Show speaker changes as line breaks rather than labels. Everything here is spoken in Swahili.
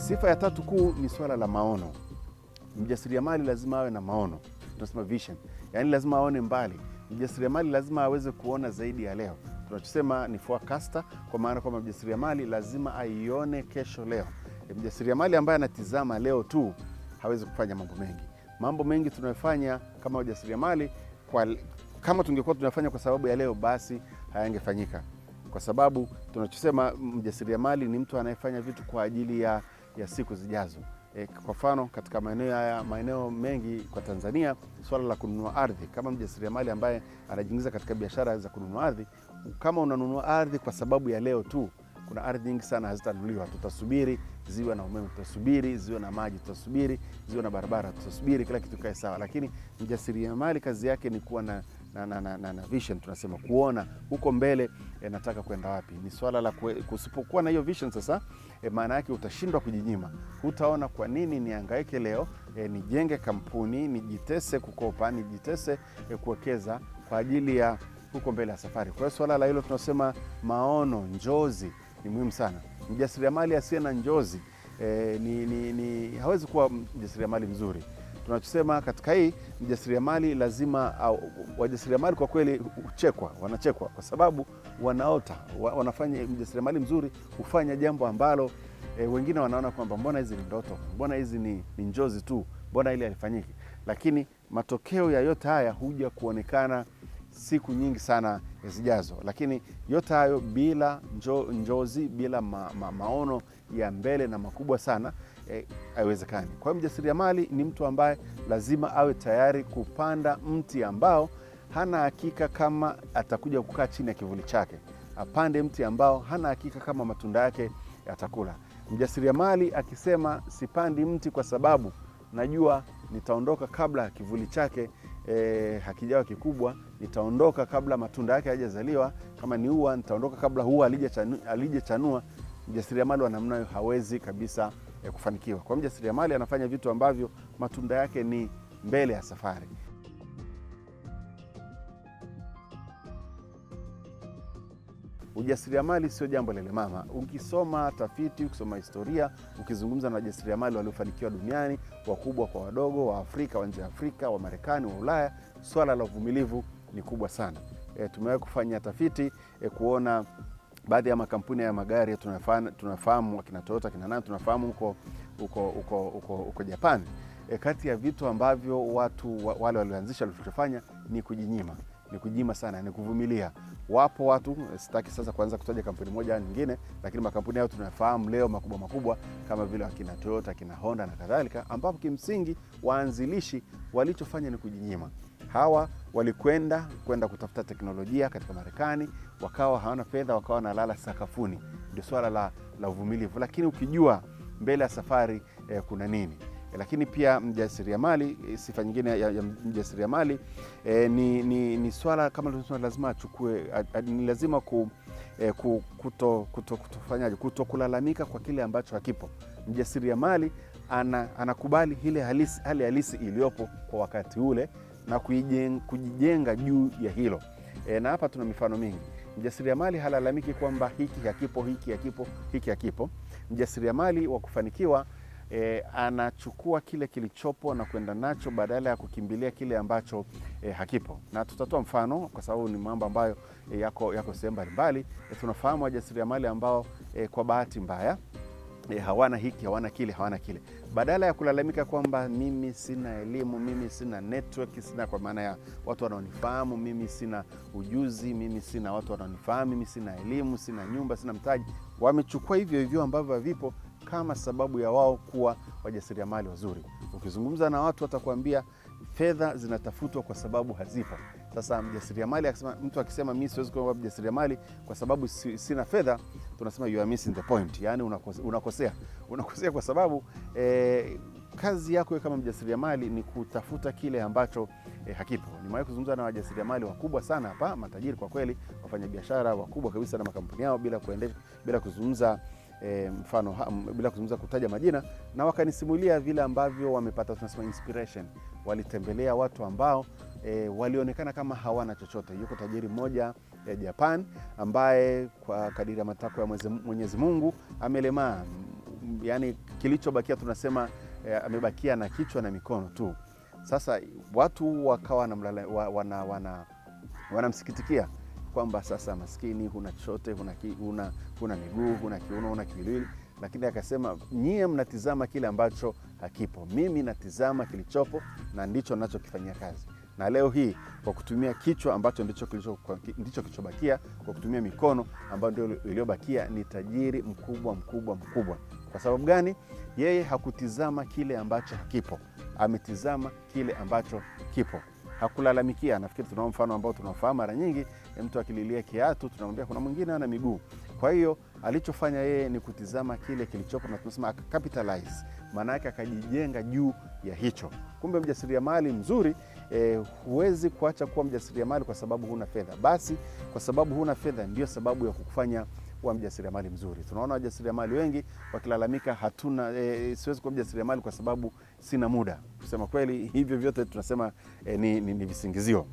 Sifa ya tatu kuu ni swala la maono. Mjasiriamali lazima awe na maono, tunasema vision, yaani lazima aone mbali. Mjasiriamali lazima aweze kuona zaidi ya leo, tunachosema ni forecaster, kwa maana kwamba mjasiriamali lazima aione kesho leo. E, mjasiriamali ambaye anatizama leo tu hawezi kufanya mambo mengi. Mambo mengi tunayofanya kama wajasiriamali kwa kama tungekuwa tunafanya kwa sababu ya leo, basi hayangefanyika, kwa sababu tunachosema mjasiriamali ni mtu anayefanya vitu kwa ajili ya ya siku zijazo. E, kwa mfano katika maeneo haya maeneo mengi kwa Tanzania swala la kununua ardhi, kama mjasiriamali ambaye anajiingiza katika biashara za kununua ardhi, kama unanunua ardhi kwa sababu ya leo tu, kuna ardhi nyingi sana hazitanunuliwa. Tutasubiri ziwe na umeme, tutasubiri ziwe na maji, tutasubiri ziwe na barabara, tutasubiri kila kitu kae sawa, lakini mjasiriamali kazi yake ni kuwa na na, na, na, na, na vision tunasema kuona huko mbele e, nataka kwenda wapi. Ni swala la kusipokuwa na hiyo vision sasa, e, maana yake utashindwa kujinyima, hutaona kwa nini niangaike leo e, nijenge kampuni nijitese kukopa nijitese e, kuwekeza kwa ajili ya huko mbele ya safari. Kwa hiyo swala la hilo tunasema maono, njozi ni muhimu sana. Mjasiriamali asiye na njozi e, ni, ni, ni hawezi kuwa mjasiriamali mzuri tunachosema katika hii mjasiriamali lazima wajasiriamali kwa kweli huchekwa, wanachekwa kwa sababu wanaota wanafanya. Mjasiriamali mzuri hufanya jambo ambalo e, wengine wanaona kwamba mbona hizi ni ndoto, mbona hizi ni, ni njozi tu, mbona ili alifanyiki, lakini matokeo ya yote haya huja kuonekana siku nyingi sana zijazo, lakini yote hayo bila njo, njozi bila ma, ma, maono ya mbele na makubwa sana Eh, haiwezekani. E, kwa hiyo mjasiriamali ni mtu ambaye lazima awe tayari kupanda mti ambao hana hakika kama atakuja kukaa chini ya kivuli chake, apande mti ambao hana hakika kama matunda yake yatakula. Mjasiriamali akisema sipandi mti kwa sababu najua nitaondoka kabla kivuli chake e, hakijawa kikubwa, nitaondoka kabla matunda yake hayajazaliwa, kama ni ua nitaondoka kabla ua alijachanua. Mjasiriamali wa namna hiyo hawezi kabisa ya kufanikiwa. Kwa mjasiriamali anafanya vitu ambavyo matunda yake ni mbele ya safari. Ujasiriamali sio jambo mama Ukisoma tafiti, ukisoma historia, ukizungumza na wajasiriamali waliofanikiwa duniani, wakubwa kwa wadogo, wa Afrika, wa nje ya Afrika, wa Marekani, wa Ulaya, swala la uvumilivu ni kubwa sana. E, tumewahi kufanya tafiti e, kuona baadhi ya makampuni ya magari tunafahamu, akina Toyota, kina nani tunafahamu huko huko huko huko huko Japan. E, kati ya vitu ambavyo watu wale walioanzisha walichofanya ni kujinyima, ni kujinyima sana, ni kuvumilia. Wapo watu, sitaki sasa kuanza kutaja kampuni moja nyingine, lakini makampuni hayo tunafahamu leo makubwa makubwa kama vile akina Toyota, akina Honda na kadhalika, ambapo kimsingi waanzilishi walichofanya ni kujinyima. Hawa walikwenda kwenda kutafuta teknolojia katika Marekani, wakawa hawana fedha, wakawa wanalala sakafuni. Ndio swala la, la uvumilivu, lakini ukijua mbele ya safari eh, kuna nini lakini pia mjasiriamali, eh, sifa nyingine ya, ya mjasiriamali e, ni, ni, ni swala kama lazima achukue, ni lazima ku, e, ku, kuto, kuto, kutofanyaje, kutokulalamika kwa kile ambacho hakipo. Mjasiriamali ana, anakubali halisi, hali halisi iliyopo kwa wakati ule na kujijenga, juu ya hilo e, na hapa tuna mifano mingi. Mjasiriamali halalamiki kwamba hiki hakipo, hiki hakipo, hiki hakipo. Mjasiriamali wa kufanikiwa e, anachukua kile kilichopo na kwenda nacho badala ya kukimbilia kile ambacho e, hakipo. Na tutatoa mfano kwa sababu ni mambo ambayo e, yako, yako sehemu mbalimbali. E, tunafahamu wajasiriamali ambao e, kwa bahati mbaya E, hawana hiki hawana kile hawana kile, badala ya kulalamika kwamba mimi sina elimu, mimi sina network, sina kwa maana ya watu wanaonifahamu, mimi sina ujuzi, mimi sina watu wanaonifahamu, mimi sina elimu, sina nyumba, sina mtaji. Wamechukua hivyo hivyo ambavyo vipo kama sababu ya wao kuwa wajasiriamali wazuri. Ukizungumza na watu watakuambia fedha zinatafutwa kwa sababu hazipo. Sasa mjasiriamali akisema, mtu akisema mimi siwezi kuwa mjasiriamali kwa sababu sina fedha, tunasema you are missing the point, yani unakosea, unakosea kwa sababu eh, kazi yako kama mjasiriamali ni kutafuta kile ambacho eh, hakipo. Nimewahi kuzungumza na wajasiriamali wakubwa sana hapa, matajiri kwa kweli, wafanyabiashara wakubwa kabisa na makampuni yao, bila kuendesha, bila kuzungumza E, mfano bila kuzungumza kutaja majina, na wakanisimulia vile ambavyo wamepata tunasema inspiration. Walitembelea watu ambao e, walionekana kama hawana chochote. Yuko tajiri mmoja ya e, Japan ambaye kwa kadiri ya matakwa ya Mwenyezi Mungu amelemaa, yani kilichobakia tunasema e, amebakia na kichwa na mikono tu. Sasa watu wakawa wanamsikitikia wana, wana kwamba sasa maskini, huna chochote, huna miguu, huna kiuno, huna kiwiliwili, lakini akasema nyie mnatizama kile ambacho hakipo, mimi natizama kilichopo na ndicho ninachokifanyia kazi na leo hii kwa kutumia kichwa ambacho ndicho kilichobakia, ndicho kwa kutumia mikono ambayo ndio iliyobakia, ni tajiri mkubwa mkubwa mkubwa. Kwa sababu gani? Yeye hakutizama kile ambacho hakipo, ametizama kile ambacho kipo hakulalamikia. Nafikiri tunao mfano ambao tunafahamu mara nyingi, eh, mtu akililia kiatu tunamwambia kuna mwingine ana miguu. Kwa hiyo alichofanya yeye ni kutizama kile kilichopo na tunasema capitalize maana yake akajijenga juu ya hicho. Kumbe mjasiriamali mzuri e, huwezi kuacha kuwa mjasiriamali kwa sababu huna fedha. Basi kwa sababu huna fedha ndio sababu ya kukufanya kuwa mjasiriamali mzuri. Tunaona wajasiriamali wengi wakilalamika hatuna e, siwezi kuwa mjasiriamali kwa sababu sina muda. Kusema kweli, hivyo vyote tunasema e, ni, ni, ni visingizio.